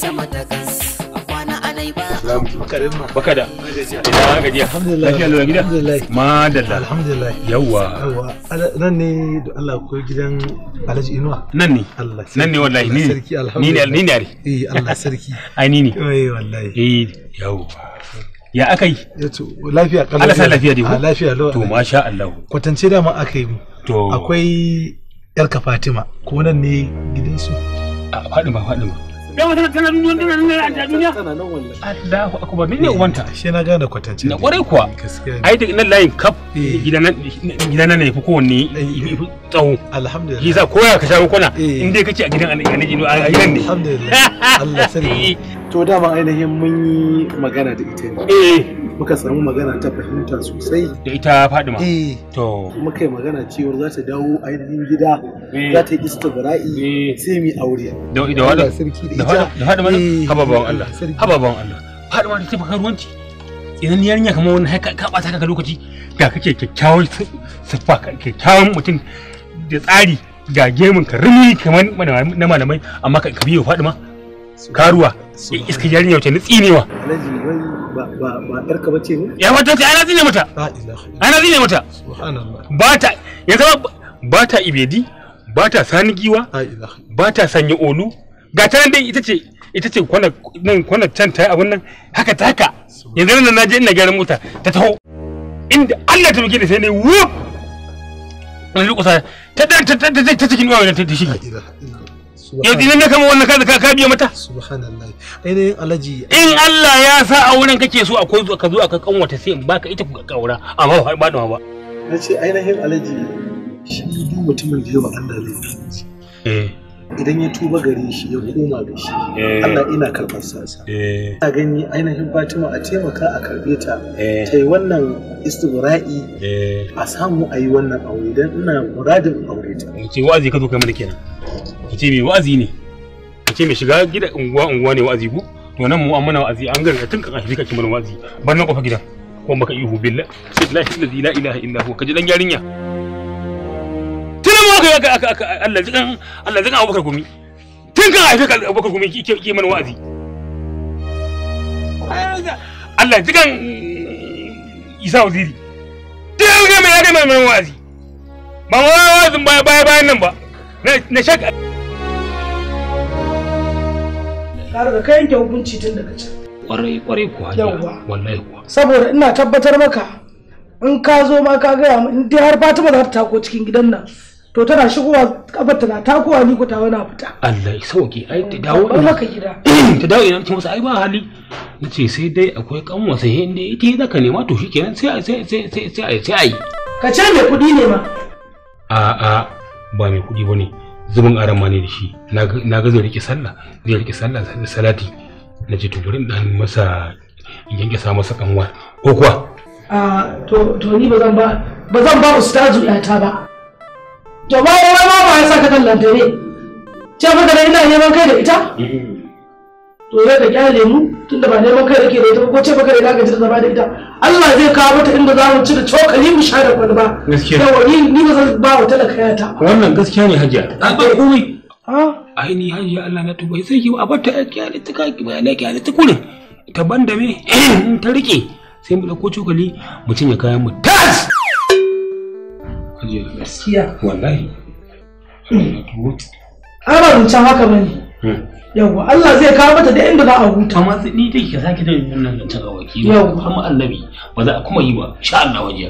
sama ta kas da ina ga ji alhamdulillah lafiya ma dalla alhamdulillah yawa nan ne da Allah ko gidan Alhaji Inuwa nan ne nan ne wallahi ni ni ne ni ne eh Allah sarki ai ni ne eh wallahi eh yawa ya aka yi lafiya kalau Allah sa lafiya dai ah, lafiya lau to masha Allah kwatance da ma aka yi mu to akwai yarka Fatima ko nan ne gidansu a Fatima Fatima da wata tana nuna tana nuna a duniya Allahu akbar ne wanta. Eh, shi na gane kwatance na kwarai kuwa ai da nan layin kaf eh. gidan ne fi kowanne eh, tsawo alhamdulillah yasa ko ya ka shawo kona in dai kace a gidan annabi a gidan ne alhamdulillah Allah sani to dama ainihin mun yi magana da ita ne eh muka samu magana ta fahimta sosai da ita faduma eh to muka yi magana cewar za ta dawo ainihin gida eh. za ta yi istibra'i eh. sai mu aure da da wala da fadima eh. hababan Allah hababan Allah faduma ta tafi karuwanci idan yarinya kamar wani haka ka bata ka lokaci ga kake kyakkyawan siffa kyakkyawan mutum da tsari ga gemin ka rumi kamar na malamai amma ka biyo faduma karuwa iska yarinya wace ni tsinewa ba ce ya wata ce ana mata ana mata ba ta ya zama ba ta ibedi ba ta sani giwa ba ta sanya olu ga ta dai ita ce ita ce kwana can ta abun nan haka ta haka yanzu nan naje ina gyaran mota ta taho inda Allah ta muke da sai ne wuf wani lokuta ta ta ta ta cikin wayo ta yanzu nan kama wannan ka ka biya mata subhanallah ainihin alaji in Allah ya sa a wurin kake so akwai zo ka zo aka kanwata sai in baka ita ku kaura amma ba ba ba na ce ainihin alaji shi duk mutumin da yawa Allah ne eh idan ya tuba gare shi ya koma da shi eh. Allah ina karɓar sa eh. ina gani ainihin Fatima a taimaka a karɓe ta eh. ta yi wannan istibra'i a samu a yi wannan aure idan ina muradin aure ta ce wazi ka zo kai mana kenan ku ce mai wa'azi ne ku ce mai shiga gida unguwa unguwa ne wa'azi ku to nan mu an mana wa'azi an garga tun kan shi kake mana wa'azi ban nan kofa gidan ko maka ihu billahi billahi la ilaha illa hu kaji dan yarinya tun mu aka aka aka Allah jikan Allah jikan Abubakar gumi tun kan haife ka Abubakar gumi ki ke mana wa'azi Allah jikan mm, Isa Waziri tun ga mai ya ga mai wa'azi ba mu wa'azin baya bayan nan ba na shaka ka riga ka yanke hukunci tun daga can kwarai kwarai kuwa yawwa wallahi kuwa saboda ina tabbatar maka in ka zo ma ka gaya in dai har Fatima za ta tako cikin gidan nan to tana shigowa kafar tana takowa ni ku tawo na fita Allah ya sauke ai ta dawo ina haka gida ta dawo ina cikin wasu ai ba hali nace sai dai akwai kanwa sai inda ita ya zaka nema to shikenan sai sai sai sai sai ai ka ce mai kuɗi ne ma A'a ba mai kuɗi bane zubin aran ma ne da shi na ga zai riƙe sallah zai sallah da salati na ce tuburin bari dan masa yanke sa masa kanwa ko kuwa to to ni ba zan ba ba zan ba ustazu ta ba to ba wai ma ba ya saka kan lantare ce fa da ina neman kai da ita dole da kyale mu tunda ba neman kai yake da ita ko ce baka da zaka ji da da ita Allah zai kawo mata inda za mu ci da cokali mu sha da ba gaskiya yawa ni ni ba zan ba wa talaka ta wannan gaskiya ne hajiya ba komai ha ai ni hajiya Allah na tuba sai ki a bata kyale ta ka ki ne kyale ta kure ta banda me ta rike sai mu dauko cokali mu cinye kayan mu tas hajiya gaskiya wallahi hmm. Aba rubutan haka bane. yawwa Allah zai kawo mata da inda za a huta amma ni take ka sake da wannan ta ga wakili kuma annabi ba za a kuma yi ba insha Allah waje